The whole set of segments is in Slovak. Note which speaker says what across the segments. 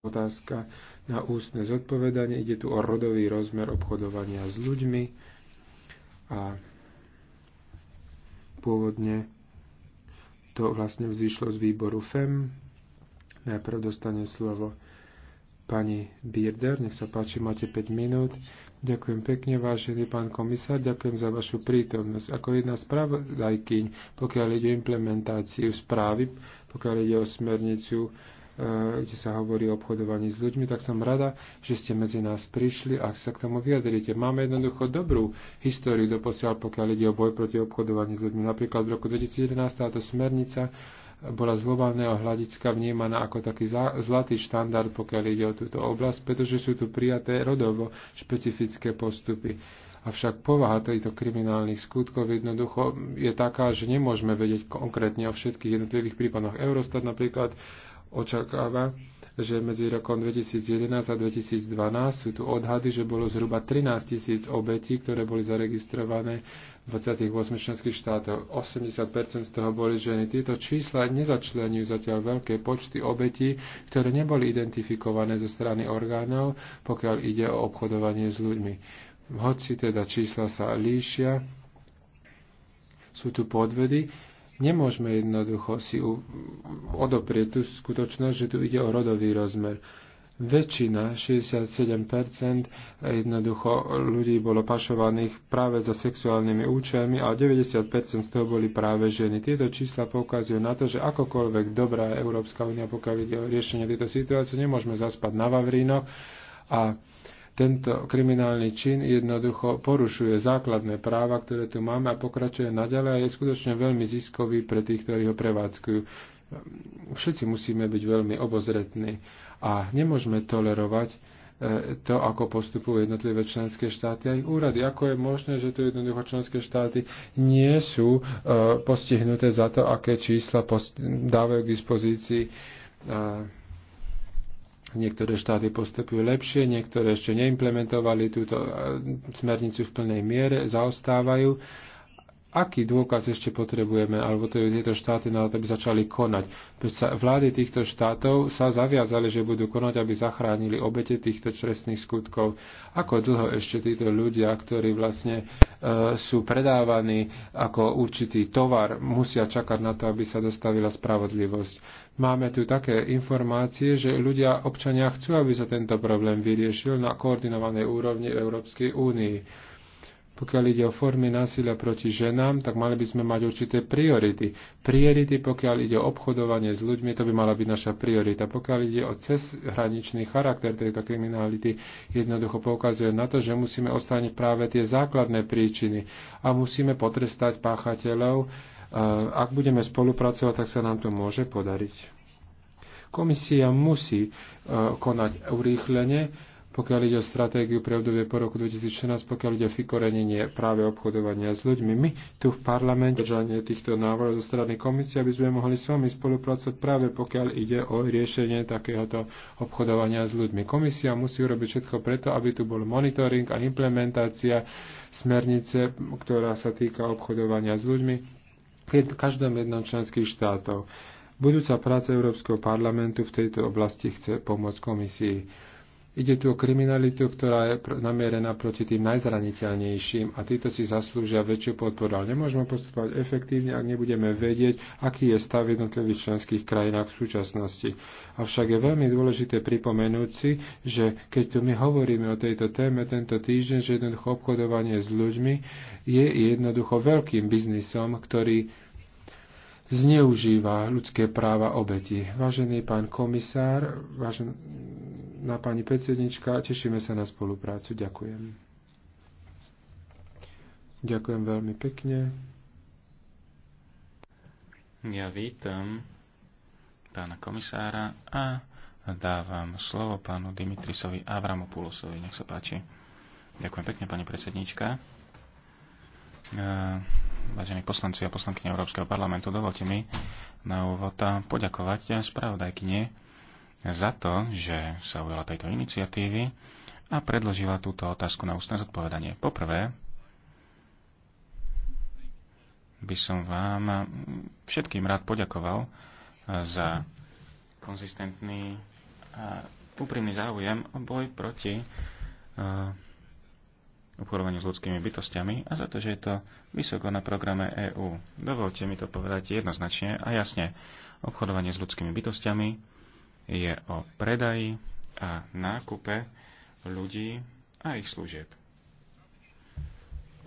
Speaker 1: otázka na ústne zodpovedanie. Ide tu o rodový rozmer obchodovania s ľuďmi a pôvodne to vlastne vzýšlo z výboru FEM. Najprv dostane slovo pani Bierder. Nech sa páči, máte 5 minút. Ďakujem pekne, vážený pán komisár, ďakujem za vašu prítomnosť. Ako jedna z pravodajkyň, pokiaľ ide o implementáciu správy, pokiaľ ide o smernicu E, kde sa hovorí o obchodovaní s ľuďmi, tak som rada, že ste medzi nás prišli a sa k tomu vyjadrite. Máme jednoducho dobrú históriu doposiaľ, pokiaľ ide o boj proti obchodovaní s ľuďmi. Napríklad v roku 2011 táto smernica bola z globálneho hľadiska vnímaná ako taký zlatý štandard, pokiaľ ide o túto oblasť, pretože sú tu prijaté rodovo špecifické postupy. Avšak povaha týchto kriminálnych skutkov jednoducho je taká, že nemôžeme vedieť konkrétne o všetkých jednotlivých prípadoch. Eurostat napríklad očakáva, že medzi rokom 2011 a 2012 sú tu odhady, že bolo zhruba 13 tisíc obetí, ktoré boli zaregistrované v 28 členských štátoch. 80% z toho boli ženy. Tieto čísla nezačlenujú zatiaľ veľké počty obetí, ktoré neboli identifikované zo strany orgánov, pokiaľ ide o obchodovanie s ľuďmi. Hoci teda čísla sa líšia, sú tu podvedy, Nemôžeme jednoducho si odoprieť tú skutočnosť, že tu ide o rodový rozmer väčšina, 67%, jednoducho ľudí bolo pašovaných práve za sexuálnymi účelmi a 90% z toho boli práve ženy. Tieto čísla poukazujú na to, že akokoľvek dobrá Európska únia, pokiaľ ide o riešenie tejto situácie, nemôžeme zaspať na Vavrino a tento kriminálny čin jednoducho porušuje základné práva, ktoré tu máme a pokračuje naďalej a je skutočne veľmi ziskový pre tých, ktorí ho prevádzkujú. Všetci musíme byť veľmi obozretní a nemôžeme tolerovať e, to, ako postupujú jednotlivé členské štáty a ich úrady. Ako je možné, že tu jednoducho členské štáty nie sú e, postihnuté za to, aké čísla dávajú k dispozícii e, Niektoré štáty postupujú lepšie, niektoré ešte neimplementovali túto eh, smernicu v plnej miere, zaostávajú aký dôkaz ešte potrebujeme, alebo to tieto štáty na to, aby začali konať. Sa, vlády týchto štátov sa zaviazali, že budú konať, aby zachránili obete týchto trestných skutkov. Ako dlho ešte títo ľudia, ktorí vlastne e, sú predávaní ako určitý tovar, musia čakať na to, aby sa dostavila spravodlivosť. Máme tu také informácie, že ľudia, občania chcú, aby sa tento problém vyriešil na koordinovanej úrovni Európskej únii pokiaľ ide o formy násilia proti ženám, tak mali by sme mať určité priority. Priority, pokiaľ ide o obchodovanie s ľuďmi, to by mala byť naša priorita. Pokiaľ ide o cezhraničný charakter tejto kriminality, jednoducho poukazuje na to, že musíme odstrániť práve tie základné príčiny a musíme potrestať páchateľov. Ak budeme spolupracovať, tak sa nám to môže podariť. Komisia musí e, konať urýchlene pokiaľ ide o stratégiu pre obdobie po roku 2016, pokiaľ ide o fikorenenie práve obchodovania s ľuďmi. My tu v parlamente držanie týchto návrhov zo strany komisie, aby sme mohli s vami spolupracovať práve pokiaľ ide o riešenie takéhoto obchodovania s ľuďmi. Komisia musí urobiť všetko preto, aby tu bol monitoring a implementácia smernice, ktorá sa týka obchodovania s ľuďmi v každom jednom členských štátov. Budúca práca Európskeho parlamentu v tejto oblasti chce pomôcť komisii. Ide tu o kriminalitu, ktorá je namierená proti tým najzraniteľnejším a títo si zaslúžia väčšiu podporu. Ale nemôžeme postupovať efektívne, ak nebudeme vedieť, aký je stav jednotlivých členských krajinách v súčasnosti. Avšak je veľmi dôležité pripomenúť si, že keď tu my hovoríme o tejto téme tento týždeň, že jednoducho obchodovanie s ľuďmi je jednoducho veľkým biznisom, ktorý zneužíva ľudské práva obeti. Vážený pán komisár, vážená pani predsednička, tešíme sa na spoluprácu. Ďakujem. Ďakujem veľmi pekne.
Speaker 2: Ja vítam pána komisára a dávam slovo pánu Dimitrisovi Avramopulosovi. Nech sa páči. Ďakujem pekne, pani predsedníčka. Eh, vážení poslanci a poslanky Európskeho parlamentu, dovolte mi na úvod poďakovať spravodajkyne za to, že sa ujala tejto iniciatívy a predložila túto otázku na ústne zodpovedanie. Poprvé, by som vám všetkým rád poďakoval eh, za konzistentný a úprimný záujem o boj proti eh, obchodovaniu s ľudskými bytostiami a za to, že je to vysoko na programe EÚ. Dovolte mi to povedať jednoznačne a jasne. Obchodovanie s ľudskými bytostiami je o predaji a nákupe ľudí a ich služieb.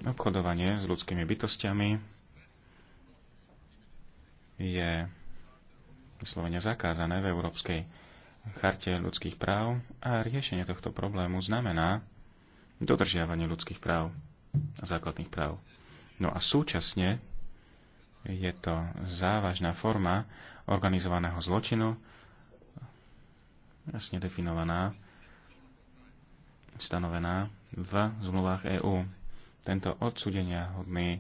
Speaker 2: Obchodovanie s ľudskými bytostiami je vyslovene zakázané v Európskej charte ľudských práv a riešenie tohto problému znamená, dodržiavaniu ľudských práv a základných práv. No a súčasne je to závažná forma organizovaného zločinu, jasne definovaná, stanovená v zmluvách EÚ. Tento odsudenia hodný,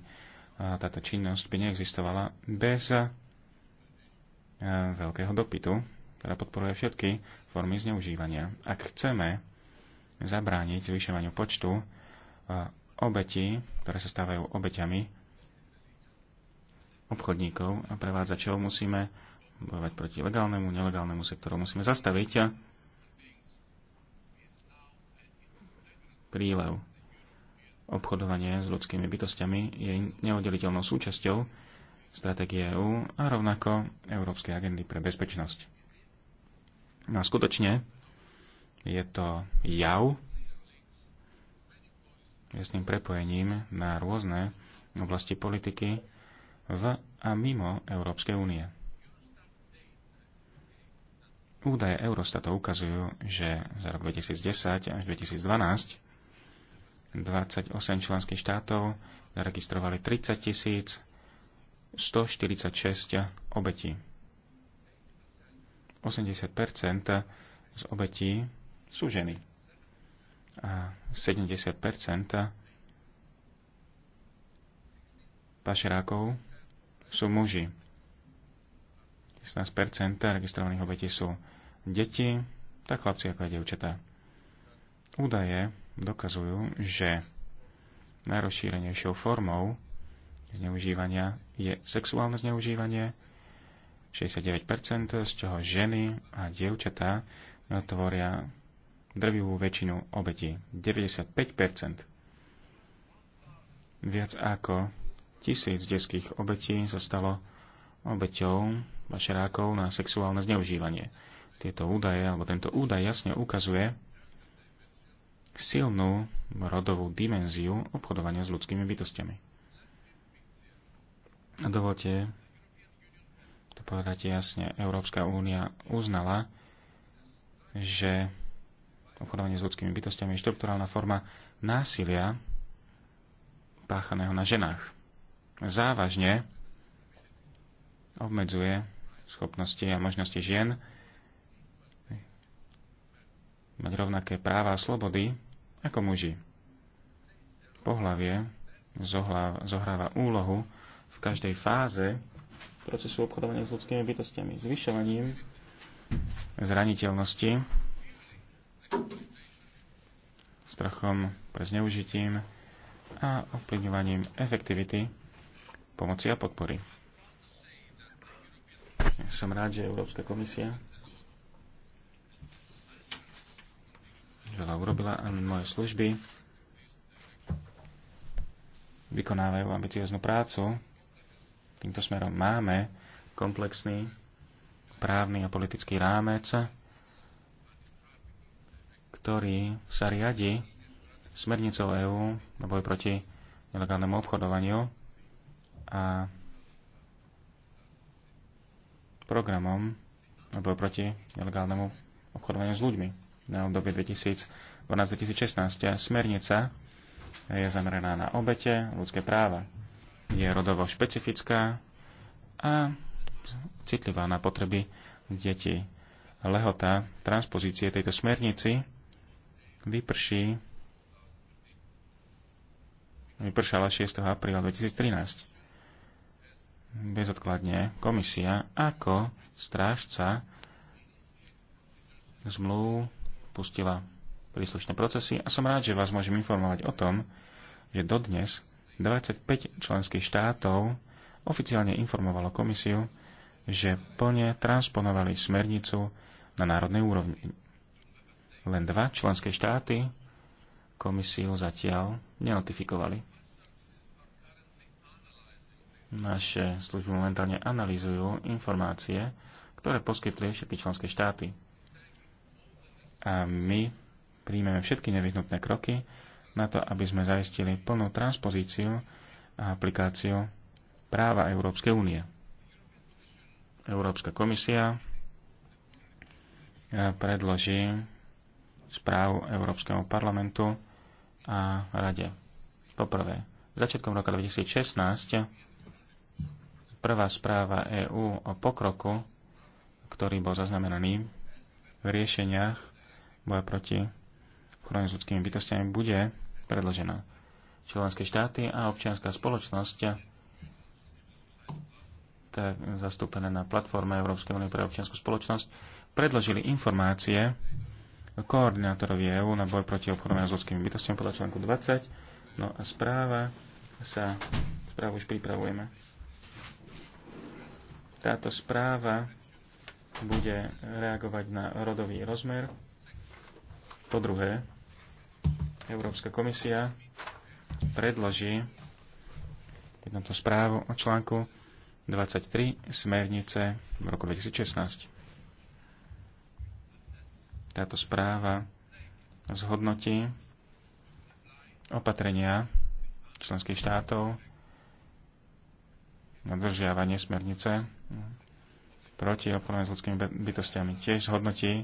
Speaker 2: táto činnosť by neexistovala bez e, veľkého dopytu, ktorá podporuje všetky formy zneužívania. Ak chceme zabrániť zvyšovaniu počtu e, obetí, ktoré sa stávajú obeťami obchodníkov a prevádzačov, musíme bojovať proti legálnemu, nelegálnemu sektoru, musíme zastaviť prílev. Obchodovanie s ľudskými bytostiami je neoddeliteľnou súčasťou stratégie EÚ a rovnako Európskej agendy pre bezpečnosť. No a skutočne je to jav, ním prepojením na rôzne oblasti politiky v a mimo Európskej únie. Údaje Eurostata ukazujú, že za rok 2010 až 2012 28 členských štátov zaregistrovali 30 146 obetí. 80 z obetí sú ženy. A 70 pašerákov sú muži. 16 registrovaných obetí sú deti, tak chlapci ako aj dievčatá. Údaje dokazujú, že najrozšírenejšou formou zneužívania je sexuálne zneužívanie, 69%, z čoho ženy a dievčatá tvoria drvivú väčšinu obetí. 95%. Viac ako tisíc detských obetí sa stalo obeťou pašerákov na sexuálne zneužívanie. Tieto údaje, alebo tento údaj jasne ukazuje silnú rodovú dimenziu obchodovania s ľudskými bytostiami. A dovolte to povedať jasne. Európska únia uznala, že obchodovanie s ľudskými bytostiami je štruktúrálna forma násilia páchaného na ženách. Závažne obmedzuje schopnosti a možnosti žien mať rovnaké práva a slobody ako muži. Pohlavie zohráva úlohu v každej fáze procesu obchodovania s ľudskými bytostiami, zvyšovaním zraniteľnosti strachom pre zneužitím a ovplyvňovaním efektivity pomoci a podpory. Som rád, že Európska komisia veľa urobila a moje služby vykonávajú ambicioznú prácu. Týmto smerom máme komplexný právny a politický rámec, ktorý sa riadi smernicou EÚ na boj proti nelegálnemu obchodovaniu a programom na boj proti nelegálnemu obchodovaniu s ľuďmi na obdobie 2012-2016. Smernica je zameraná na obete, ľudské práva. Je rodovo špecifická a citlivá na potreby detí. Lehota transpozície tejto smernici vyprší vypršala 6. apríla 2013. Bezodkladne komisia ako strážca zmluv pustila príslušné procesy a som rád, že vás môžem informovať o tom, že dodnes 25 členských štátov oficiálne informovalo komisiu, že plne transponovali smernicu na národnej úrovni. Len dva členské štáty komisiu zatiaľ nenotifikovali. Naše služby momentálne analýzujú informácie, ktoré poskytli všetky členské štáty. A my príjmeme všetky nevyhnutné kroky na to, aby sme zaistili plnú transpozíciu a aplikáciu práva Európskej únie. Európska komisia predloží správ Európskemu parlamentu a Rade. Poprvé, začiatkom roka 2016 prvá správa EÚ o pokroku, ktorý bol zaznamenaný v riešeniach boja proti ochrane s ľudskými bytostiami, bude predložená. Členské štáty a občianská spoločnosť tak zastúpené na platforme Európskej únie pre občianskú spoločnosť, predložili informácie koordinátorovi EÚ na boj proti obchodovaniu s ľudskými bytostiami podľa článku 20. No a správa sa, správu už pripravujeme. Táto správa bude reagovať na rodový rozmer. Po druhé, Európska komisia predloží jednoto správu o článku 23 smernice v roku 2016 táto správa zhodnotí opatrenia členských štátov na držiavanie smernice proti obchodovaniu s ľudskými bytostiami. Tiež zhodnotí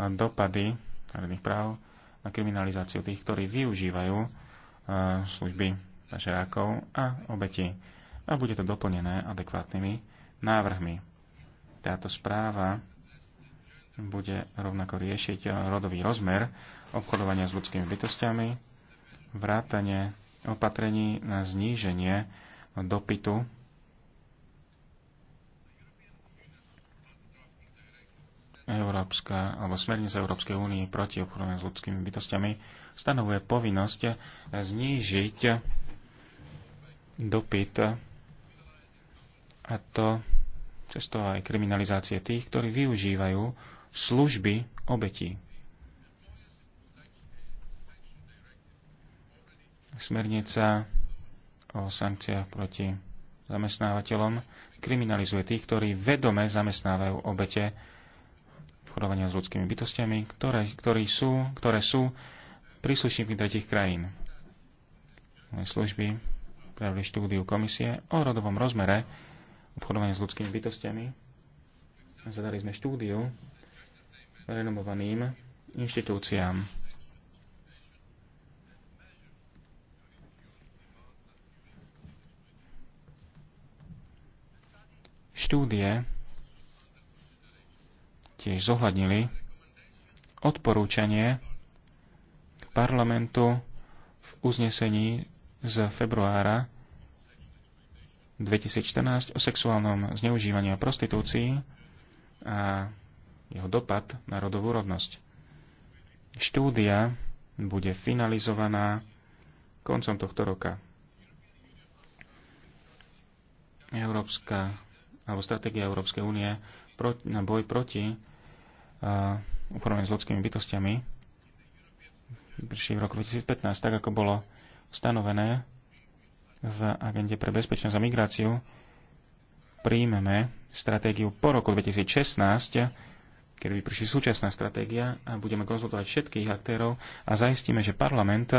Speaker 2: dopady národných práv na kriminalizáciu tých, ktorí využívajú e, služby pašerákov a obeti. A bude to doplnené adekvátnymi návrhmi. Táto správa bude rovnako riešiť rodový rozmer obchodovania s ľudskými bytostiami, vrátanie opatrení na zníženie dopytu Európska, alebo smernica Európskej únie proti obchodovaniu s ľudskými bytostiami stanovuje povinnosť znížiť dopyt a to to aj kriminalizácie tých, ktorí využívajú služby obetí. Smernica o sankciách proti zamestnávateľom kriminalizuje tých, ktorí vedome zamestnávajú obete obchodovania s ľudskými bytostiami, ktoré, ktorí sú, ktoré sú príslušníkmi tretich krajín. Moje služby pravili štúdiu komisie o rodovom rozmere obchodovania s ľudskými bytostiami. Zadali sme štúdiu renomovaným inštitúciám. Štúdie tiež zohľadnili odporúčanie parlamentu v uznesení z februára 2014 o sexuálnom zneužívaní a prostitúcii a jeho dopad na rodovú rovnosť. Štúdia bude finalizovaná koncom tohto roka. Európska, alebo stratégia Európskej únie na boj proti uh, uporovne s ľudskými bytostiami prišli v roku 2015, tak ako bolo stanovené v agende pre bezpečnosť a migráciu, príjmeme stratégiu po roku 2016, keď vyprší súčasná stratégia a budeme konzultovať všetkých aktérov a zaistíme, že parlament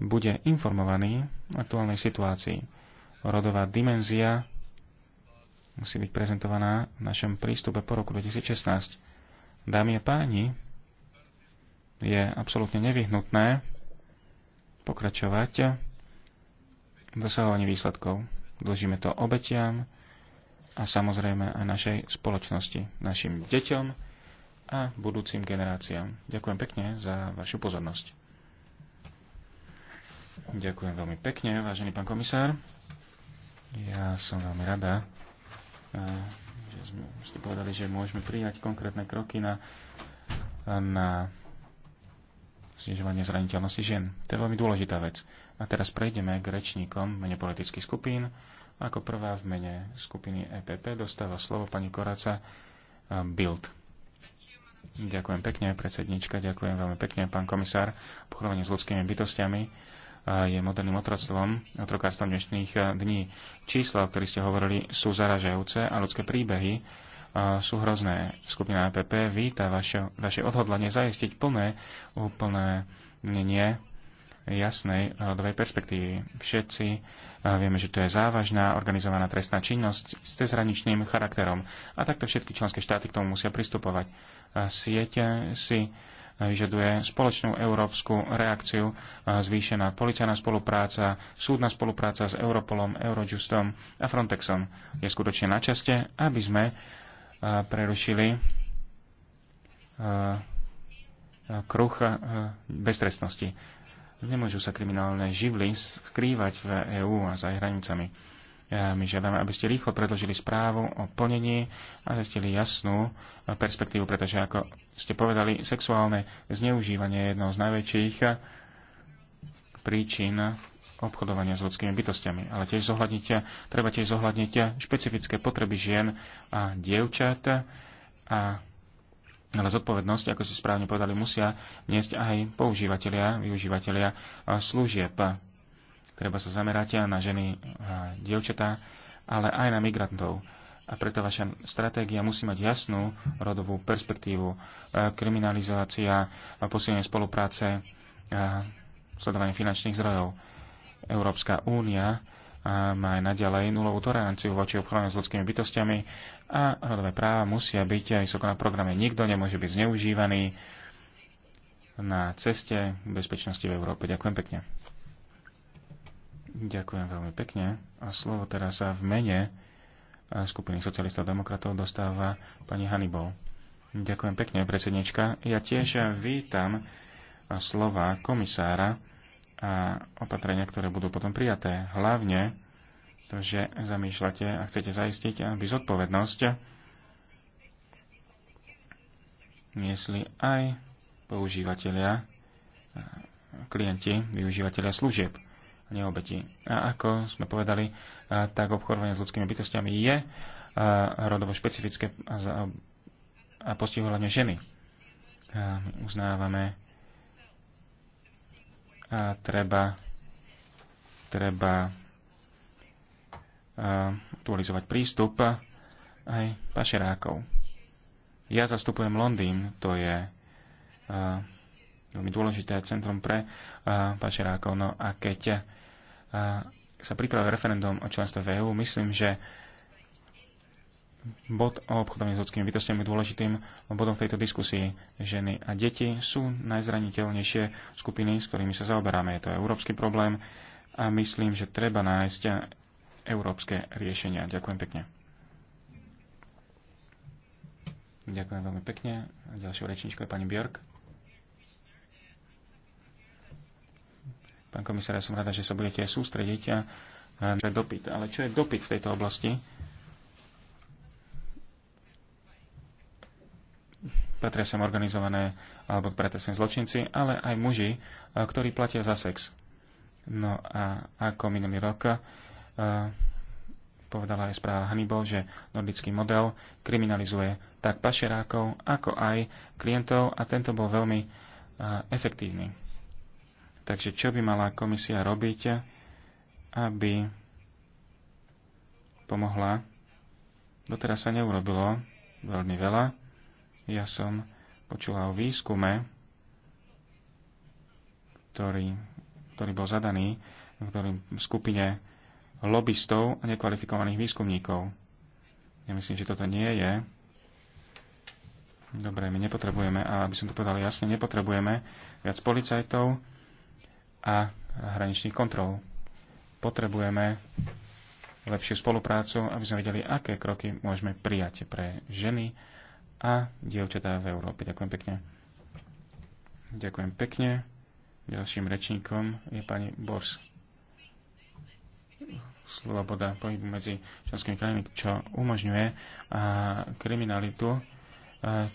Speaker 2: bude informovaný o aktuálnej situácii. Rodová dimenzia musí byť prezentovaná v našom prístupe po roku 2016. Dámy a páni, je absolútne nevyhnutné pokračovať v dosahovaní výsledkov. Dlžíme to obetiam, a samozrejme aj našej spoločnosti, našim deťom a budúcim generáciám. Ďakujem pekne za vašu pozornosť. Ďakujem veľmi pekne, vážený pán komisár. Ja som veľmi rada, že sme, ste povedali, že môžeme prijať konkrétne kroky na, na znižovanie zraniteľnosti žien. To je veľmi dôležitá vec. A teraz prejdeme k rečníkom mene politických skupín. Ako prvá v mene skupiny EPP dostáva slovo pani Koraca eh, Bild. Ďakujem pekne, predsednička, ďakujem veľmi pekne, pán komisár. Obchodovanie s ľudskými bytostiami eh, je moderným otroctvom, otrokárstvom dnešných eh, dní. Čísla, o ktorých ste hovorili, sú zaražajúce a ľudské príbehy sú hrozné. Skupina EPP víta vaše, vaše odhodlanie zajistiť plné, úplné nie jasnej rodovej e, perspektívy. Všetci e, vieme, že to je závažná organizovaná trestná činnosť s cezhraničným charakterom. A takto všetky členské štáty k tomu musia pristupovať. Sieť si e, vyžaduje spoločnú európsku reakciu, zvýšená policajná spolupráca, súdna spolupráca s Europolom, Eurojustom a Frontexom. Je skutočne na časte, aby sme prerušili kruh beztrestnosti. Nemôžu sa kriminálne živly skrývať v EÚ a za jej hranicami. E, my žiadame, aby ste rýchlo predložili správu o plnení a zistili jasnú perspektívu, pretože ako ste povedali, sexuálne zneužívanie je jednou z najväčších príčin obchodovania s ľudskými bytostiami. Ale tiež treba tiež zohľadniť špecifické potreby žien a dievčat a ale zodpovednosť, ako si správne povedali, musia niesť aj používateľia, využívateľia e, služieb. Treba sa zamerať na ženy a dievčatá, ale aj na migrantov. A preto vaša stratégia musí mať jasnú rodovú perspektívu. E, kriminalizácia, posilnenie spolupráce, sledovanie finančných zdrojov. Európska únia má aj naďalej nulovú toleranciu voči obchodu s ľudskými bytostiami a rodové práva musia byť aj vysoko na programe. Nikto nemôže byť zneužívaný na ceste bezpečnosti v Európe. Ďakujem pekne. Ďakujem veľmi pekne. A slovo teraz sa v mene skupiny socialistov a demokratov dostáva pani Hannibal. Ďakujem pekne, predsednička. Ja tiež vítam slova komisára a opatrenia, ktoré budú potom prijaté. Hlavne to, že zamýšľate a chcete zaistiť, aby zodpovednosť niesli aj používateľia, klienti, využívateľia služieb, neobeti. A ako sme povedali, tak obchodovanie s ľudskými bytostiami je rodovo špecifické a postihujú hlavne ženy. Uznávame a treba, treba e, aktualizovať prístup e, aj pašerákov. Ja zastupujem Londýn, to je e, veľmi dôležité centrum pre pašerákov. No a keď sa pripravil referendum o členstve v EÚ, myslím, že bod o obchodovaní s ľudskými bytostiami dôležitým bodom v tejto diskusii. Ženy a deti sú najzraniteľnejšie skupiny, s ktorými sa zaoberáme. Je to európsky problém a myslím, že treba nájsť európske riešenia. Ďakujem pekne. Ďakujem veľmi pekne. Ďalšou rečničkou je pani Björk. Pán komisár, ja som rada, že sa budete sústrediť a dopyt. Ale čo je dopyt v tejto oblasti? patria sem organizované alebo patria sem zločinci, ale aj muži, e, ktorí platia za sex. No a ako minulý rok e, povedala aj správa Hannibal, že nordický model kriminalizuje tak pašerákov, ako aj klientov a tento bol veľmi e, efektívny. Takže čo by mala komisia robiť, aby pomohla? Doteraz sa neurobilo veľmi veľa. Ja som počula o výskume, ktorý, ktorý bol zadaný v ktorým skupine lobbystov a nekvalifikovaných výskumníkov. Ja myslím, že toto nie je. Dobre, my nepotrebujeme, a aby som to povedal jasne, nepotrebujeme viac policajtov a hraničných kontrol. Potrebujeme lepšiu spoluprácu, aby sme vedeli, aké kroky môžeme prijať pre ženy, a dievčatá v Európe. Ďakujem pekne. Ďakujem pekne. Ďalším rečníkom je pani Bors. Sloboda pohybu medzi členskými krajinami, čo umožňuje a kriminalitu,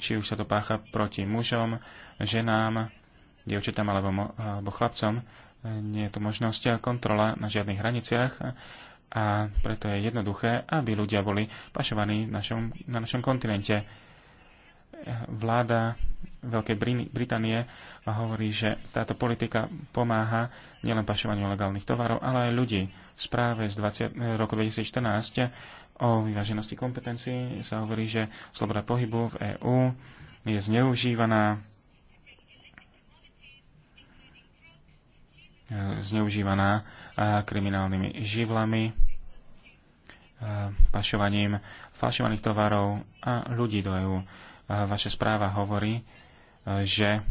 Speaker 2: či už sa to pácha proti mužom, ženám, dievčatám alebo, alebo chlapcom. Nie je tu možnosť a kontrola na žiadnych hraniciach a preto je jednoduché, aby ľudia boli pašovaní našom, na našom kontinente vláda Veľkej Británie hovorí, že táto politika pomáha nielen pašovaniu legálnych tovarov, ale aj ľudí. V správe z 20, roku 2014 o vyváženosti kompetencií sa hovorí, že sloboda pohybu v EÚ je zneužívaná zneužívaná kriminálnymi živlami, pašovaním falšovaných tovarov a ľudí do EÚ vaša správa hovorí, e, že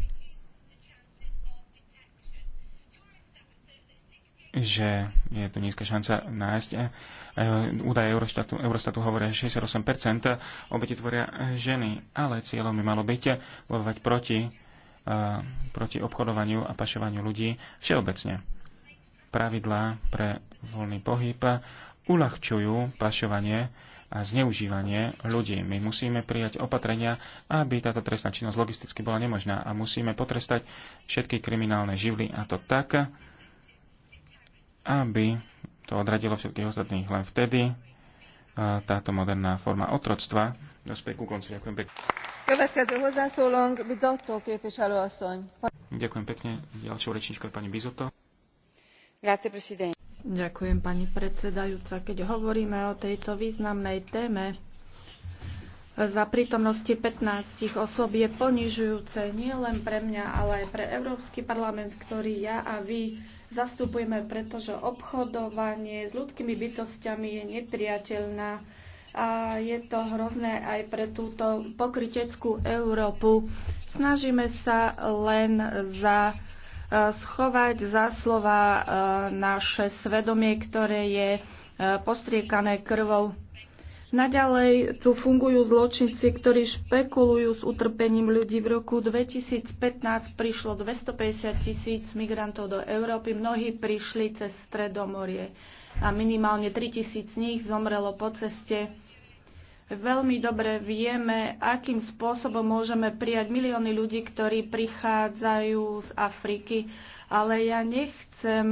Speaker 2: že je tu nízka šanca nájsť. E, údaje Eurostatu, Eurostatu hovoria, že 68% obete tvoria ženy, ale cieľom by malo byť bojovať proti, e, proti obchodovaniu a pašovaniu ľudí všeobecne. Pravidlá pre voľný pohyb uľahčujú pašovanie a zneužívanie ľudí. My musíme prijať opatrenia, aby táto trestná činnosť logisticky bola nemožná a musíme potrestať všetky kriminálne živly a to tak, aby to odradilo všetkých ostatných len vtedy. Táto moderná forma otroctva dospie ku koncu. Ďakujem pekne. Ďakujem pekne. Ďalšou rečničkou je pani Bizoto.
Speaker 3: Grazie, presidente. Ďakujem, pani predsedajúca. Keď hovoríme o tejto významnej téme, za prítomnosti 15 osôb je ponižujúce nielen pre mňa, ale aj pre Európsky parlament, ktorý ja a vy zastupujeme, pretože obchodovanie s ľudskými bytostiami je nepriateľná a je to hrozné aj pre túto pokryteckú Európu. Snažíme sa len za schovať za slova e, naše svedomie, ktoré je e, postriekané krvou. Naďalej tu fungujú zločinci, ktorí špekulujú s utrpením ľudí. V roku 2015 prišlo 250 tisíc migrantov do Európy. Mnohí prišli cez Stredomorie a minimálne 3 tisíc z nich zomrelo po ceste veľmi dobre vieme, akým spôsobom môžeme prijať milióny ľudí, ktorí prichádzajú z Afriky. Ale ja nechcem,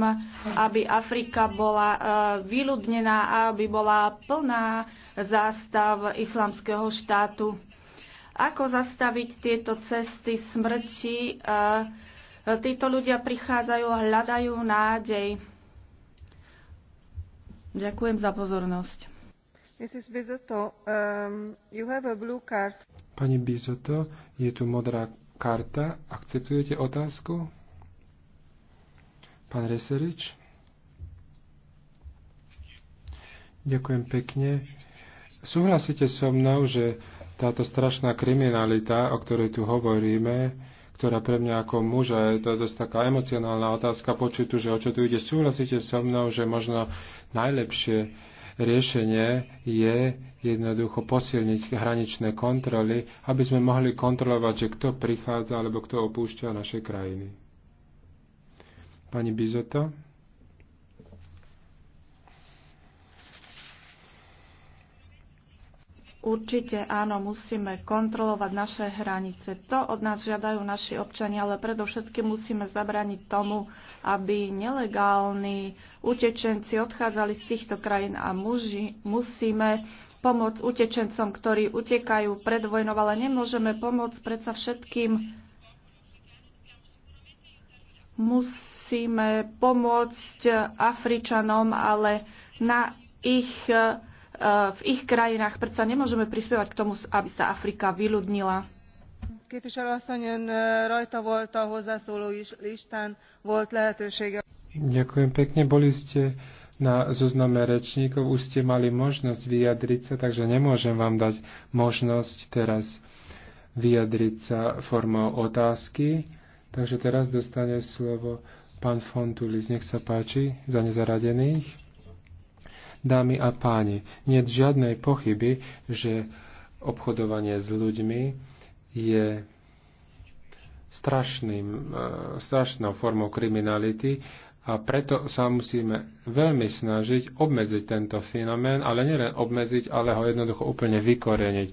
Speaker 3: aby Afrika bola e, vyľudnená, aby bola plná zástav islamského štátu. Ako zastaviť tieto cesty smrti? E, títo ľudia prichádzajú a hľadajú nádej. Ďakujem za pozornosť. Um,
Speaker 1: Pani Bizoto, je tu modrá karta. Akceptujete otázku? Pán Reserič? Ďakujem pekne. Súhlasíte so mnou, že táto strašná kriminalita, o ktorej tu hovoríme, ktorá pre mňa ako muža je to dosť taká emocionálna otázka počutu, že o čo tu ide. Súhlasíte so mnou, že možno najlepšie Riešenie je jednoducho posilniť hraničné kontroly, aby sme mohli kontrolovať, že kto prichádza alebo kto opúšťa naše krajiny. Pani Bizoto?
Speaker 3: Určite áno, musíme kontrolovať naše hranice. To od nás žiadajú naši občania, ale predovšetkým musíme zabrániť tomu, aby nelegálni utečenci odchádzali z týchto krajín a muži, musíme pomôcť utečencom, ktorí utekajú pred vojnou, ale nemôžeme pomôcť predsa všetkým. Musíme pomôcť Afričanom, ale na ich v ich krajinách. Predsa nemôžeme prispievať k tomu, aby sa Afrika vyľudnila.
Speaker 1: Ďakujem pekne. Boli ste na zozname rečníkov, už ste mali možnosť vyjadriť sa, takže nemôžem vám dať možnosť teraz vyjadriť sa formou otázky. Takže teraz dostane slovo pán Fontulis. Nech sa páči za nezaradených. Dámy a páni, nie je žiadnej pochyby, že obchodovanie s ľuďmi je strašným, e, strašnou formou kriminality a preto sa musíme veľmi snažiť obmedziť tento fenomén, ale nielen obmedziť, ale ho jednoducho úplne vykoreniť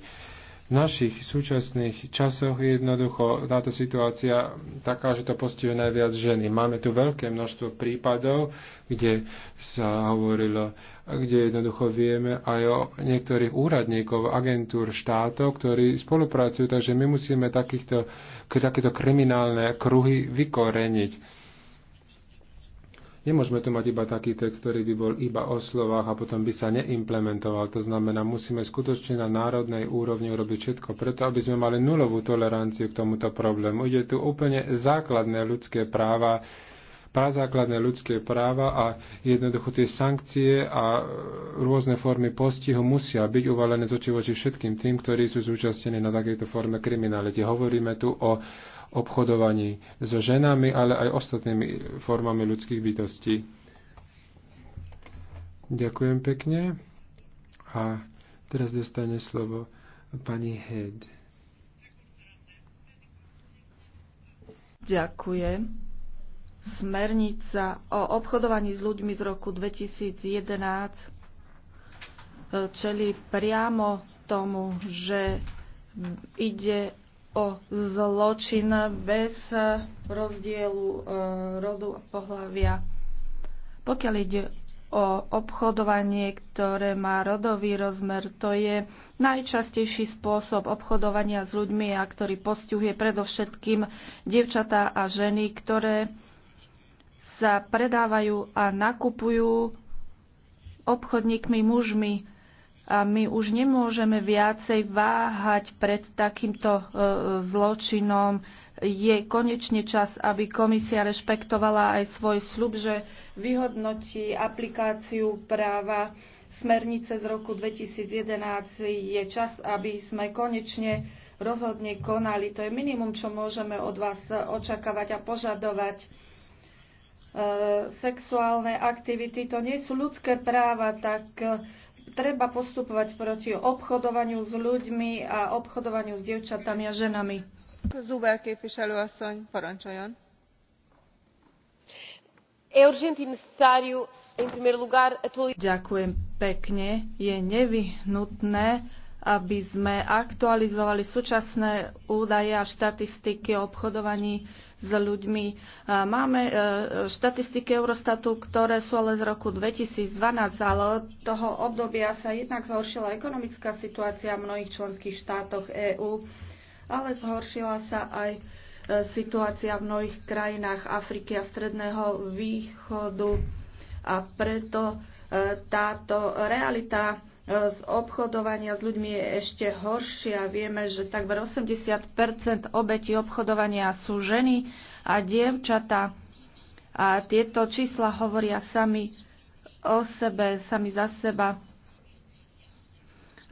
Speaker 1: v našich súčasných časoch je jednoducho táto situácia taká, že to postihuje najviac ženy. Máme tu veľké množstvo prípadov, kde sa hovorilo, kde jednoducho vieme aj o niektorých úradníkov, agentúr štátov, ktorí spolupracujú, takže my musíme takýchto, takéto kriminálne kruhy vykoreniť Nemôžeme tu mať iba taký text, ktorý by bol iba o slovách a potom by sa neimplementoval. To znamená, musíme skutočne na národnej úrovni urobiť všetko preto, aby sme mali nulovú toleranciu k tomuto problému. Ide tu úplne základné ľudské práva, prázákladné ľudské práva a jednoducho tie sankcie a rôzne formy postihu musia byť uvalené z voči všetkým tým, ktorí sú zúčastnení na takejto forme kriminality. Hovoríme tu o obchodovaní so ženami, ale aj ostatnými formami ľudských bytostí. Ďakujem pekne. A teraz dostane slovo pani Head.
Speaker 3: Ďakujem. Smernica o obchodovaní s ľuďmi z roku 2011 eh, čeli priamo tomu, že ide o zločin bez rozdielu e, rodu a pohľavia. Pokiaľ ide o obchodovanie, ktoré má rodový rozmer. To je najčastejší spôsob obchodovania s ľuďmi a ktorý postihuje predovšetkým dievčatá a ženy, ktoré sa predávajú a nakupujú obchodníkmi mužmi a my už nemôžeme viacej váhať pred takýmto e, zločinom. Je konečne čas, aby komisia rešpektovala aj svoj slub, že vyhodnotí aplikáciu práva smernice z roku 2011. Je čas, aby sme konečne rozhodne konali. To je minimum, čo môžeme od vás očakávať a požadovať e, sexuálne aktivity, to nie sú ľudské práva, tak treba postupovať proti obchodovaniu s ľuďmi a obchodovaniu s dievčatami a ženami. Zuber képviselő asszony, parancsoljon. E Ďakujem pekne. Je nevyhnutné, aby sme aktualizovali súčasné údaje a štatistiky o obchodovaní s ľuďmi. Máme e, štatistiky Eurostatu, ktoré sú ale z roku 2012, ale od toho obdobia sa jednak zhoršila ekonomická situácia v mnohých členských štátoch EÚ, ale zhoršila sa aj e, situácia v mnohých krajinách Afriky a Stredného východu a preto e, táto realita E, z obchodovania s ľuďmi je ešte horšia. Vieme, že takmer 80 obetí obchodovania sú ženy a dievčata. A tieto čísla hovoria sami o sebe, sami za seba.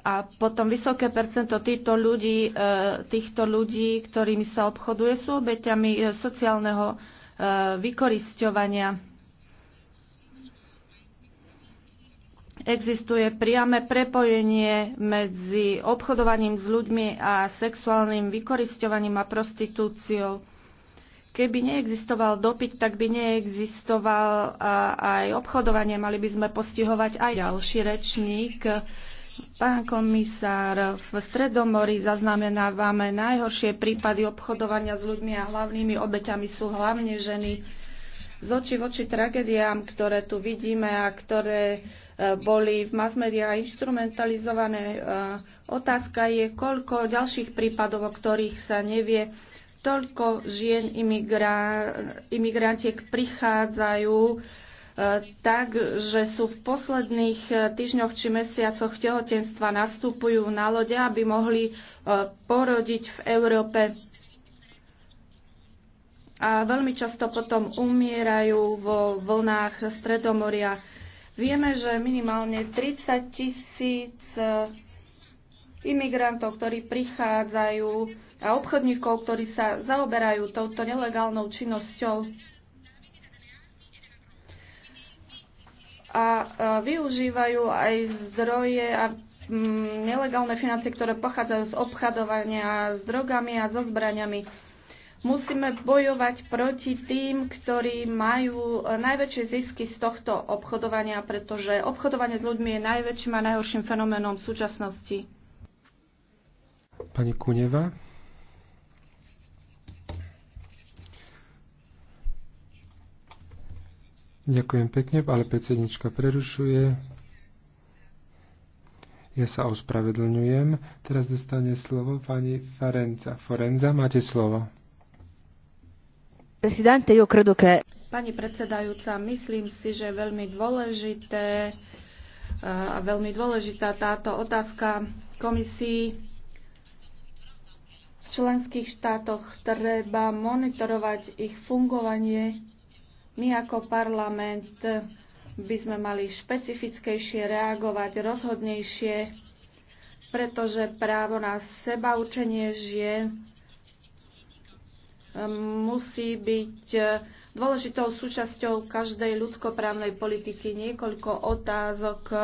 Speaker 3: A potom vysoké percento týchto ľudí, e, týchto ľudí, ktorými sa obchoduje, sú obeťami e, sociálneho vykorisťovania. existuje priame prepojenie medzi obchodovaním s ľuďmi a sexuálnym vykoristovaním a prostitúciou. Keby neexistoval dopyt, tak by neexistoval aj obchodovanie. Mali by sme postihovať aj ďalší rečník. Pán komisár, v Stredomori zaznamenávame najhoršie prípady obchodovania s ľuďmi a hlavnými obeťami sú hlavne ženy. Z oči v oči tragédiám, ktoré tu vidíme a ktoré boli v masmédiách instrumentalizované. E, otázka je, koľko ďalších prípadov, o ktorých sa nevie, toľko žien imigra, imigrantiek prichádzajú e, tak, že sú v posledných e, týždňoch či mesiacoch tehotenstva nastupujú na lode, aby mohli porodiť v Európe. A veľmi často potom umierajú vo vlnách Stredomoria. Vieme, že minimálne 30 tisíc e, imigrantov, ktorí prichádzajú a obchodníkov, ktorí sa zaoberajú touto nelegálnou činnosťou a e, využívajú aj zdroje a mm, nelegálne financie, ktoré pochádzajú z obchadovania s drogami a so zbraniami. Musíme bojovať proti tým, ktorí majú eh, najväčšie zisky z tohto obchodovania, pretože obchodovanie s ľuďmi je najväčším a najhorším fenoménom v súčasnosti.
Speaker 1: Pani Kuneva. Ďakujem pekne, ale predsednička prerušuje. Ja sa ospravedlňujem. Teraz dostane slovo pani Farenza. Forenza, máte slovo.
Speaker 3: Presidente, io credo che... Pani predsedajúca, myslím si, že je veľmi dôležité eh, a veľmi dôležitá táto otázka komisii v členských štátoch treba monitorovať ich fungovanie. My ako parlament by sme mali špecifickejšie reagovať, rozhodnejšie, pretože právo na seba žien musí byť e, dôležitou súčasťou každej ľudskoprávnej politiky. Niekoľko otázok, e,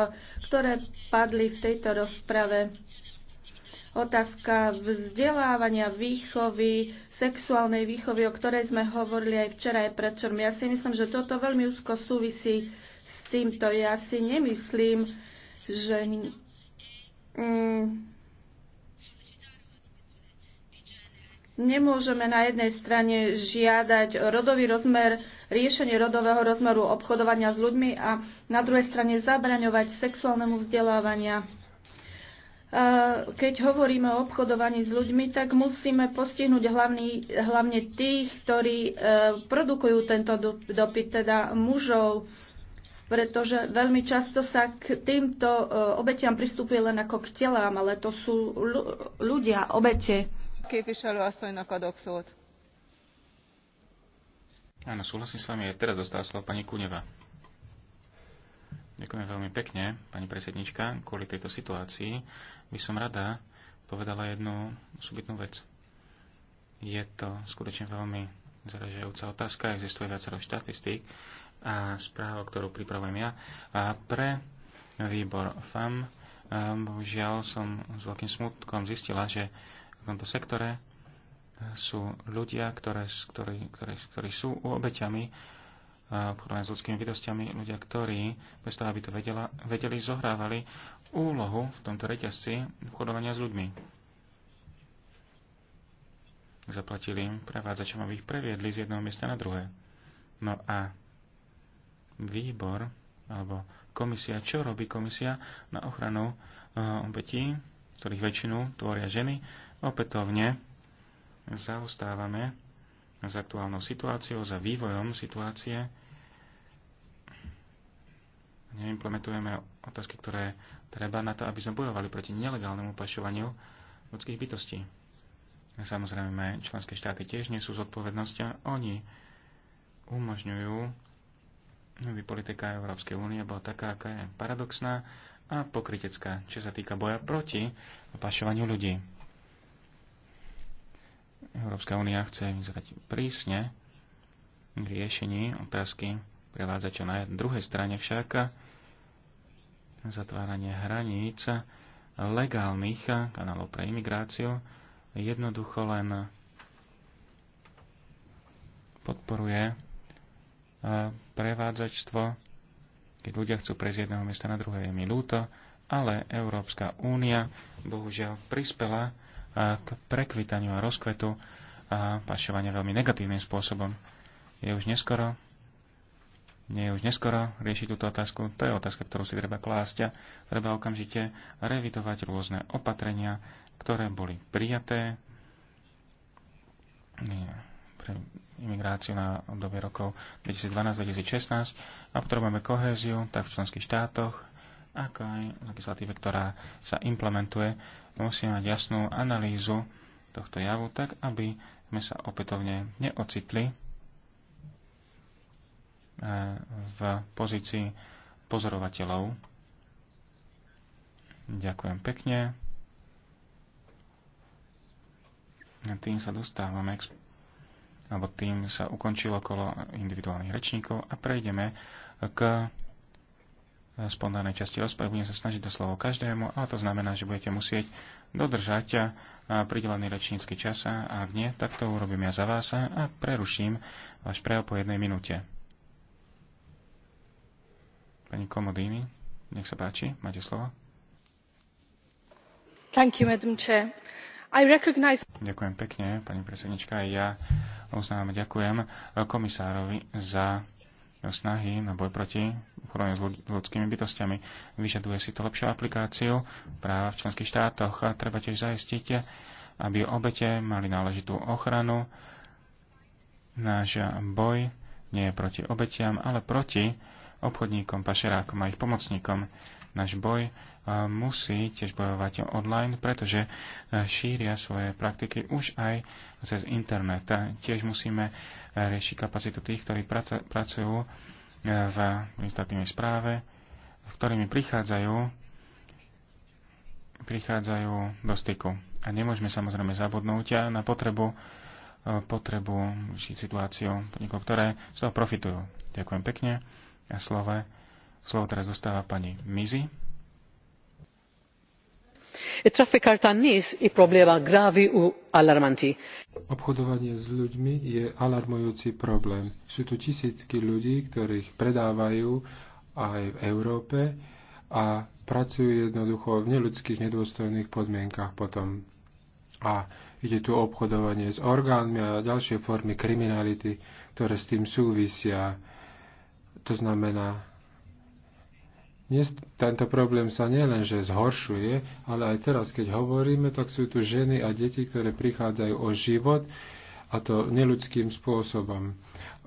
Speaker 3: ktoré padli v tejto rozprave. Otázka vzdelávania, výchovy, sexuálnej výchovy, o ktorej sme hovorili aj včera, aj predčerom. Ja si myslím, že toto veľmi úzko súvisí s týmto. Ja si nemyslím, že... Mm, Nemôžeme na jednej strane žiadať rodový rozmer, riešenie rodového rozmeru obchodovania s ľuďmi a na druhej strane zabraňovať sexuálnemu vzdelávania. E, keď hovoríme o obchodovaní s ľuďmi, tak musíme postihnúť hlavný, hlavne tých, ktorí e, produkujú tento dopyt, teda mužov, pretože veľmi často sa k týmto e, obetiam pristupuje len ako k telám, ale to sú ľudia, obete. Áno,
Speaker 2: súhlasím s vami. Teraz dostala slovo pani Kuneva. Ďakujem veľmi pekne, pani predsednička. Kvôli tejto situácii by som rada povedala jednu osobitnú vec. Je to skutočne veľmi zaražajúca otázka. Existuje viacero štatistík a správa, ktorú pripravujem ja. A pre výbor FAM ehm, bohužiaľ som s veľkým smutkom zistila, že tomto sektore sú ľudia, ktoré, ktorí, ktorí, ktorí sú obeťami e, obchodovania s ľudskými bytostiami, ľudia, ktorí, bez toho, aby to vedela, vedeli, zohrávali úlohu v tomto reťazci obchodovania s ľuďmi. Zaplatili prevádzačom, aby ich previedli z jedného miesta na druhé. No a výbor alebo komisia, čo robí komisia na ochranu e, obetí ktorých väčšinu tvoria ženy, opätovne zaostávame s aktuálnou situáciou, za vývojom situácie. Neimplementujeme otázky, ktoré treba na to, aby sme bojovali proti nelegálnemu pašovaniu ľudských bytostí. Samozrejme, členské štáty tiež nie sú zodpovednosť oni umožňujú, aby politika Európskej únie bola taká, aká je paradoxná, a pokritecká, čo sa týka boja proti pašovaniu ľudí. Európska únia chce vyzerať prísne riešení otázky prevádzača na druhej strane však zatváranie hraníc legálnych kanálov pre imigráciu jednoducho len podporuje eh, prevádzačstvo keď ľudia chcú prejsť z jedného miesta na druhé, je mi ľúto, ale Európska únia bohužiaľ prispela e, k prekvitaniu a rozkvetu a pašovania veľmi negatívnym spôsobom. Je už neskoro, nie je už neskoro riešiť túto otázku. To je otázka, ktorú si treba klásť a treba okamžite revidovať rôzne opatrenia, ktoré boli prijaté. Nie pre imigráciu na obdobie rokov 2012-2016 a potrebujeme kohéziu tak v členských štátoch, ako aj legislatíve, ktorá sa implementuje. Musíme mať jasnú analýzu tohto javu, tak aby sme sa opätovne neocitli e, v pozícii pozorovateľov. Ďakujem pekne. Tým sa dostávame k alebo tým sa ukončilo kolo individuálnych rečníkov a prejdeme k spontánnej časti rozpravy. Budem sa snažiť do slovo každému, ale to znamená, že budete musieť dodržať pridelený rečnícky čas a ak nie, tak to urobím ja za vás a preruším váš prejav po jednej minúte. Pani komodini, nech sa páči, máte slovo.
Speaker 3: Thank you, Madam Chair. Ďakujem
Speaker 2: pekne, pani predsednička. Ja uznávam, ďakujem komisárovi za snahy na boj proti ochrane s ľudskými bytostiami. Vyžaduje si to lepšiu aplikáciu práva v členských štátoch a treba tiež zaistiť, aby obete mali náležitú ochranu. Náš boj nie je proti obetiam, ale proti obchodníkom, pašerákom a ich pomocníkom náš boj e, musí tiež bojovať online, pretože e, šíria svoje praktiky už aj cez internet. A tiež musíme e, riešiť kapacitu tých, ktorí pracujú v administratívnej správe, ktorými prichádzajú, prichádzajú do styku. A nemôžeme samozrejme zabudnúť na potrebu potrebu, situáciu ktoré z toho profitujú. Ďakujem pekne a slove Slovo teraz dostáva pani Mizi. Obchodovanie s
Speaker 1: ľuďmi je alarmujúci problém. Sú tu tisícky ľudí, ktorých predávajú aj v Európe a pracujú jednoducho v neludských, nedôstojných podmienkach potom. A ide tu obchodovanie s orgánmi a ďalšie formy kriminality, ktoré s tým súvisia. To znamená, dnes tento problém sa nielenže zhoršuje, ale aj teraz, keď hovoríme, tak sú tu ženy a deti, ktoré prichádzajú o život a to neludským spôsobom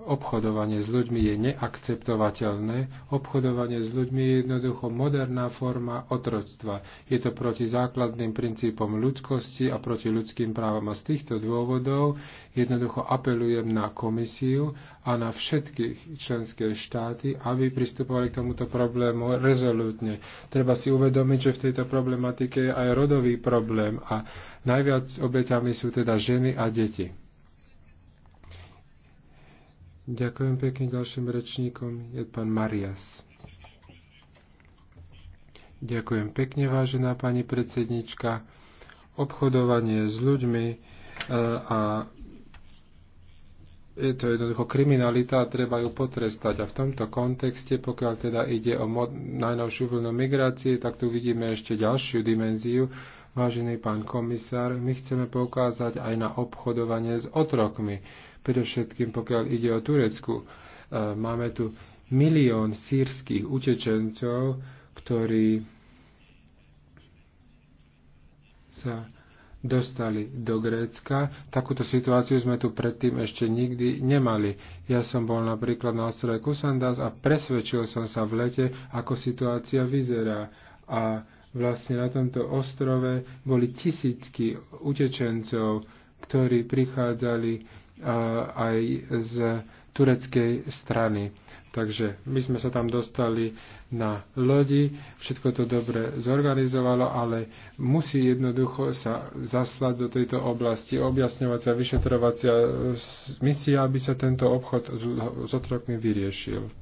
Speaker 1: obchodovanie s ľuďmi je neakceptovateľné. Obchodovanie s ľuďmi je jednoducho moderná forma otroctva. Je to proti základným princípom ľudskosti a proti ľudským právam. A z týchto dôvodov jednoducho apelujem na komisiu a na všetky členské štáty, aby pristupovali k tomuto problému rezolútne. Treba si uvedomiť, že v tejto problematike je aj rodový problém a najviac obeťami sú teda ženy a deti. Ďakujem pekne ďalším rečníkom. Je pán Marias. Ďakujem pekne, vážená pani predsednička. Obchodovanie s ľuďmi e, a je to jednoducho kriminalita a treba ju potrestať. A v tomto kontexte, pokiaľ teda ide o mod- najnovšiu vlnu migrácie, tak tu vidíme ešte ďalšiu dimenziu. Vážený pán komisár, my chceme poukázať aj na obchodovanie s otrokmi predovšetkým pokiaľ ide o Turecku. E, máme tu milión sírskych utečencov, ktorí sa dostali do Grécka. Takúto situáciu sme tu predtým ešte nikdy nemali. Ja som bol napríklad na ostrove Kusandas a presvedčil som sa v lete, ako situácia vyzerá. A vlastne na tomto ostrove boli tisícky utečencov, ktorí prichádzali aj z tureckej strany. Takže my sme sa tam dostali na lodi, všetko to dobre zorganizovalo, ale musí jednoducho sa zaslať do tejto oblasti, objasňovať sa vyšetrovacia misia, aby sa tento obchod s otrokmi vyriešil.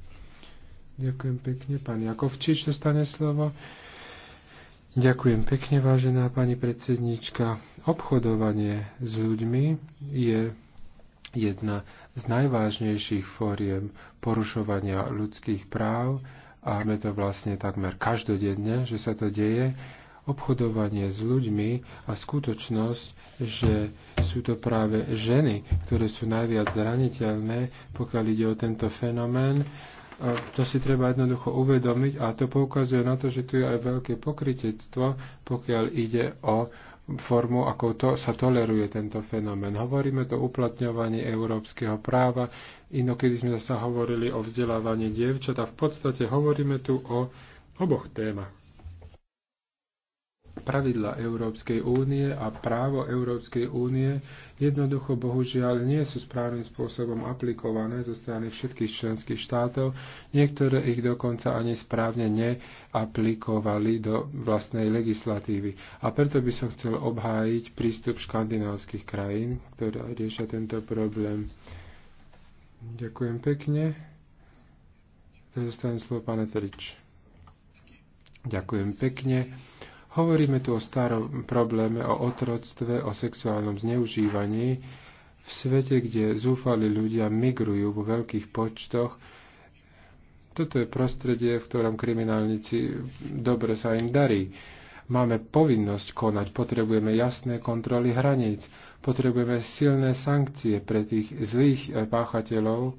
Speaker 1: Ďakujem pekne. Pán Jakovčič dostane slovo. Ďakujem pekne, vážená pani predsednička. Obchodovanie s ľuďmi je jedna z najvážnejších fóriem porušovania ľudských práv a máme to vlastne takmer každodenne, že sa to deje, obchodovanie s ľuďmi a skutočnosť, že sú to práve ženy, ktoré sú najviac zraniteľné, pokiaľ ide o tento fenomén. A to si treba jednoducho uvedomiť a to poukazuje na to, že tu je aj veľké pokritectvo, pokiaľ ide o formu, ako to, sa toleruje tento fenomén. Hovoríme to uplatňovaní európskeho práva, inokedy sme sa hovorili o vzdelávaní dievčat a v podstate hovoríme tu o oboch témach pravidla Európskej únie a právo Európskej únie jednoducho bohužiaľ nie sú správnym spôsobom aplikované zo strany všetkých členských štátov. Niektoré ich dokonca ani správne neaplikovali do vlastnej legislatívy. A preto by som chcel obhájiť prístup škandinávskych krajín, ktoré riešia tento problém. Ďakujem pekne. Teraz zostane slovo pán Eterič. Ďakujem pekne. Hovoríme tu o starom probléme, o otroctve, o sexuálnom zneužívaní, v svete, kde zúfali ľudia migrujú vo veľkých počtoch. Toto je prostredie, v ktorom kriminálnici dobre sa im darí. Máme povinnosť konať, potrebujeme jasné kontroly hraníc, potrebujeme silné sankcie pre tých zlých eh, páchateľov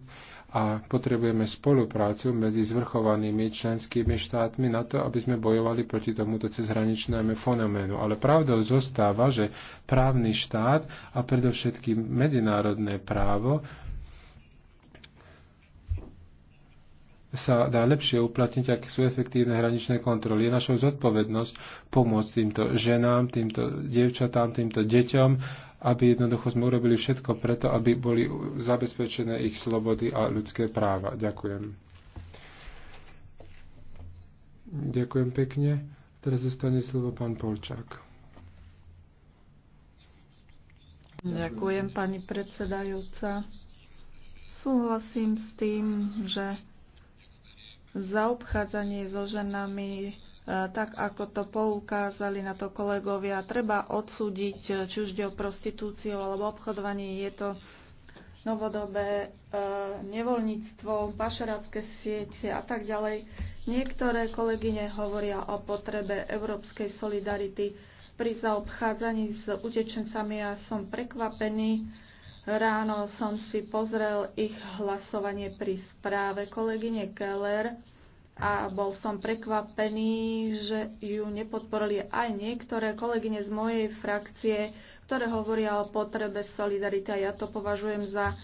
Speaker 1: a potrebujeme spoluprácu medzi zvrchovanými členskými štátmi na to, aby sme bojovali proti tomuto cezhraničnému fenoménu. Ale pravdou zostáva, že právny štát a predovšetkým medzinárodné právo sa dá lepšie uplatniť, ak sú efektívne hraničné kontroly. Je našou zodpovednosť pomôcť týmto ženám, týmto dievčatám, týmto deťom aby jednoducho sme urobili všetko preto, aby boli zabezpečené ich slobody a ľudské práva. Ďakujem. Ďakujem pekne. Teraz zostane slovo pán Polčák.
Speaker 4: Ďakujem,
Speaker 3: pani predsedajúca. Súhlasím s tým, že zaobchádzanie so ženami E, tak ako to poukázali na to kolegovia, treba odsúdiť, e, či už ide o prostitúciu alebo obchodovanie, je to novodobé e, nevoľníctvo, pašerácké siete a tak ďalej. Niektoré kolegyne hovoria o potrebe európskej solidarity pri zaobchádzaní s utečencami. Ja som prekvapený. Ráno som si pozrel ich hlasovanie pri správe kolegyne Keller a bol som prekvapený, že ju nepodporili aj niektoré kolegyne z mojej frakcie, ktoré hovoria o potrebe solidarity a ja to považujem za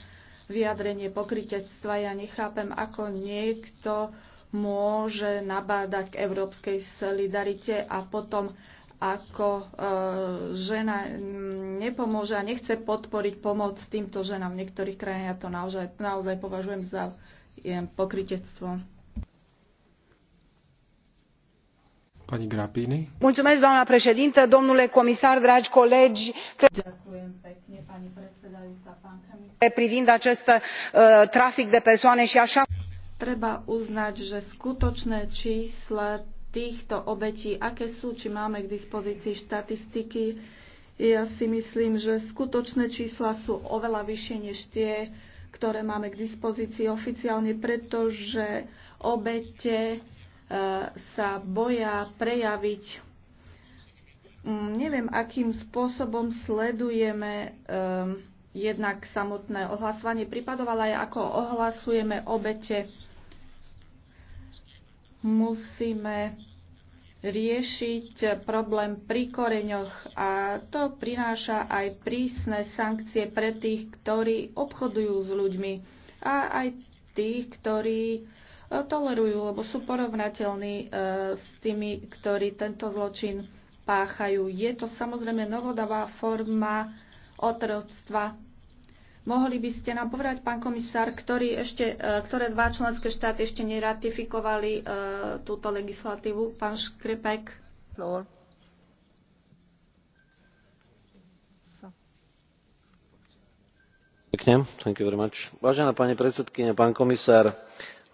Speaker 3: vyjadrenie pokritectva. Ja nechápem, ako niekto môže nabádať k európskej solidarite a potom ako e, žena nepomôže a nechce podporiť pomoc týmto ženám v niektorých krajinách. Ja to naozaj, naozaj považujem za je, pokritectvo.
Speaker 1: doamnă
Speaker 3: președintă, domnule comisar, dragi colegi. Privind acest uh, trafic de persoane și așa. Treba uznať, že skutočné čísla týchto obetí, aké sú, či máme k dispozícii štatistiky, ja si myslím, že skutočné čísla sú oveľa vyššie než tie, ktoré máme k dispozícii oficiálne, pretože obete sa boja prejaviť. Mm, neviem, akým spôsobom sledujeme ehm, jednak samotné ohlasovanie prípadov, ale aj ako ohlasujeme obete. Musíme riešiť problém pri koreňoch a to prináša aj prísne sankcie pre tých, ktorí obchodujú s ľuďmi a aj tých, ktorí E, tolerujú, lebo sú porovnateľní e, s tými, ktorí tento zločin páchajú. Je to samozrejme novodavá forma otroctva. Mohli by ste nám povedať, pán komisár, ktorý ešte, e, ktoré dva členské štáty ešte neratifikovali túto legislatívu? Pán Škripek. Floor.
Speaker 4: vážená pani predsedkynia, pán komisár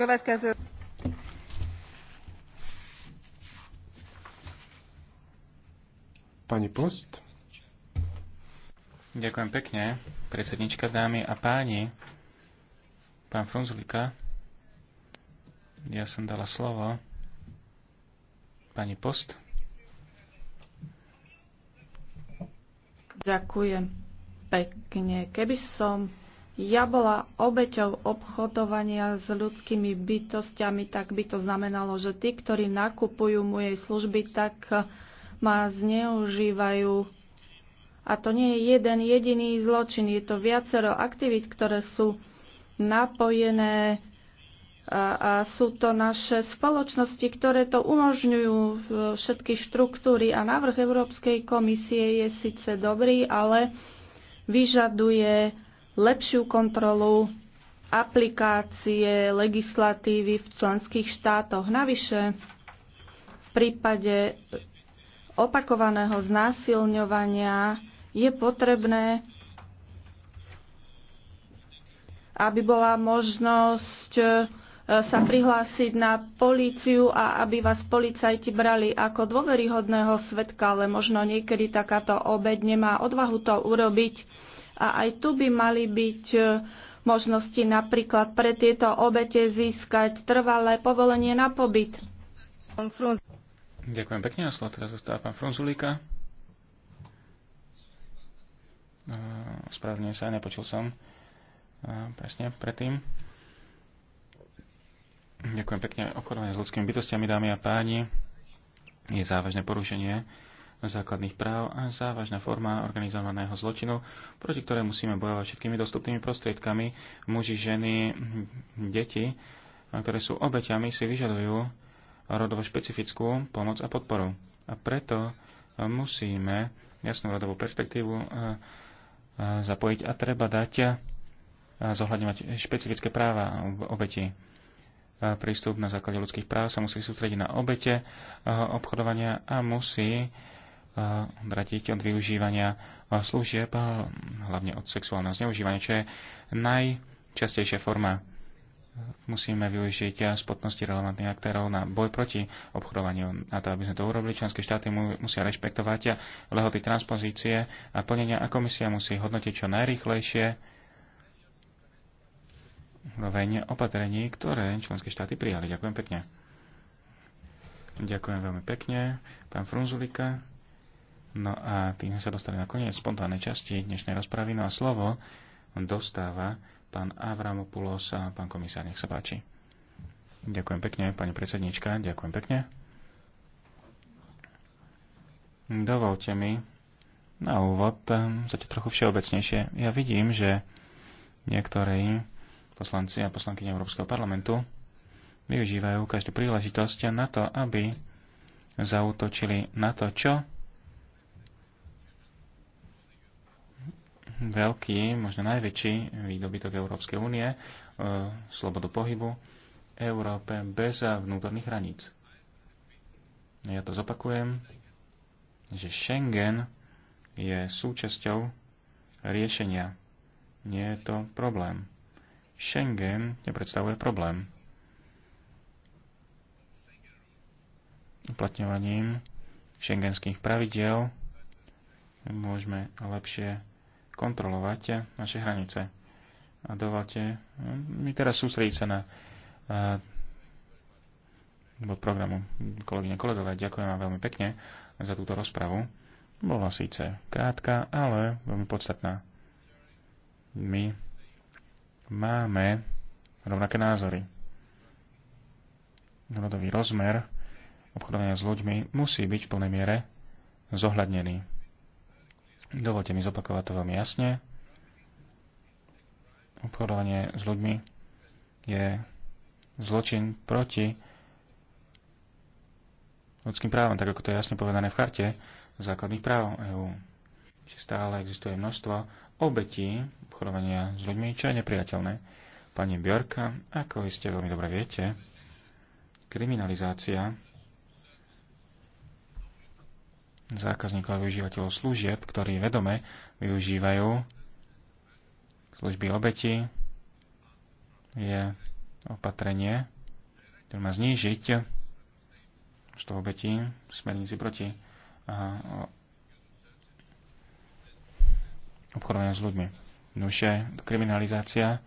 Speaker 3: Következő.
Speaker 2: Pani Post. Ďakujem pekne, predsednička dámy a páni. Pán Frunzulika, ja som dala slovo pani Post.
Speaker 3: Ďakujem pekne. Keby som ja bola obeťou obchodovania s ľudskými bytostiami, tak by to znamenalo, že tí, ktorí nakupujú mojej služby, tak ma zneužívajú. A to nie je jeden jediný zločin, je to viacero aktivít, ktoré sú napojené a, a sú to naše spoločnosti, ktoré to umožňujú, všetky štruktúry a návrh Európskej komisie je síce dobrý, ale vyžaduje lepšiu kontrolu aplikácie legislatívy v členských štátoch. Navyše, v prípade opakovaného znásilňovania je potrebné, aby bola možnosť e, sa prihlásiť na políciu a aby vás policajti brali ako dôveryhodného svetka, ale možno niekedy takáto obed nemá odvahu to urobiť a aj tu by mali byť e, možnosti napríklad pre tieto obete získať trvalé povolenie na pobyt.
Speaker 2: Ďakujem pekne. A slovo teraz zostáva pán Frunzulíka. E, Spravne sa, nepočul som e, presne predtým. Ďakujem pekne. Okorovanie s ľudskými bytostiami, dámy a páni, je závažné porušenie základných práv a závažná forma organizovaného zločinu, proti ktoré musíme bojovať všetkými dostupnými prostriedkami. Muži, ženy, deti, ktoré sú obeťami, si vyžadujú rodovo špecifickú pomoc a podporu. A preto musíme jasnú rodovú perspektívu eh, eh, zapojiť a treba dať a eh, zohľadňovať špecifické práva obeti prístup na základe ľudských práv sa musí sústrediť na obete obchodovania a musí odratiť od využívania služieb, hlavne od sexuálneho zneužívania, čo je najčastejšia forma. Musíme využiť spotnosti relevantných aktérov na boj proti obchodovaniu. a to, aby sme to urobili, členské štáty musia rešpektovať lehoty transpozície a plnenia a komisia musí hodnotiť čo najrýchlejšie úroveň opatrení, ktoré členské štáty prijali. Ďakujem pekne. Ďakujem veľmi pekne. Pán Frunzulika. No a tým sme sa dostali na koniec spontánnej časti dnešnej rozpravy. No a slovo dostáva pán Avramopulos a pán komisár, nech sa páči. Ďakujem pekne, pani predsednička, ďakujem pekne. Dovolte mi na úvod ehm, zatiaľ trochu všeobecnejšie. Ja vidím, že niektorí poslanci a poslanky Európskeho parlamentu využívajú každú príležitosť na to, aby zautočili na to, čo veľký, možno najväčší výdobytok Európskej únie, e, slobodu pohybu Európe bez vnútorných hraníc. Ja to zopakujem, že Schengen je súčasťou riešenia. Nie je to problém. Schengen nepredstavuje problém. Uplatňovaním šengenských pravidiel môžeme lepšie kontrolovať naše hranice. A dovolte mi mm, teraz sústrediť sa na bod programu. Kolegyne, kolegové, ďakujem vám veľmi pekne za túto rozpravu. Bola síce krátka, ale veľmi podstatná. My máme rovnaké názory. Rodový rozmer obchodovania s ľuďmi musí byť v plnej miere zohľadnený. Dovolte mi zopakovať to veľmi jasne. Obchodovanie s ľuďmi je zločin proti ľudským právom, tak ako to je jasne povedané v charte základných práv EÚ. Stále existuje množstvo obetí obchodovania s ľuďmi, čo je nepriateľné. Pani Bjorka, ako ste veľmi dobre viete, kriminalizácia zákazníkov a využívateľov služieb, ktorí vedome využívajú služby obeti, je opatrenie, ktoré má znížiť množstvo obetí v smernici proti obchodovania s ľuďmi. Nuže, kriminalizácia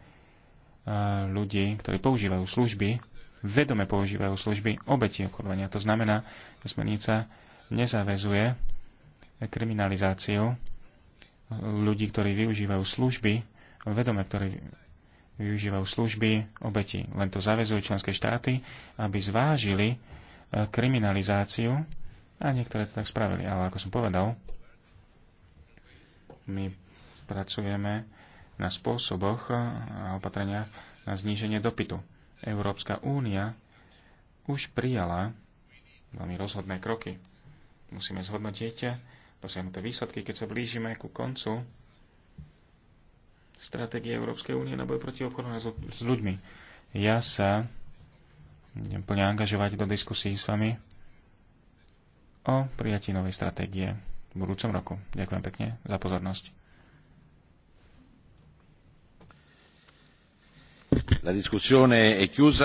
Speaker 2: ľudí, ktorí používajú služby, vedome používajú služby obeti obchodovania. To znamená, že smernica nezavezuje kriminalizáciu ľudí, ktorí využívajú služby, vedome, ktorí využívajú služby obeti. Len to zavezuje členské štáty, aby zvážili e, kriminalizáciu a niektoré to tak spravili. Ale ako som povedal, my pracujeme na spôsoboch a opatreniach na zníženie dopytu. Európska únia už prijala veľmi rozhodné kroky musíme zhodnotiť eh, dosiahnuté výsledky, keď sa blížime ku koncu stratégie Európskej únie na boj proti obchodu s ľuďmi. Ja sa budem plne angažovať do diskusí s vami o prijatí novej stratégie v budúcom roku. Ďakujem pekne za pozornosť. La discussione è chiusa.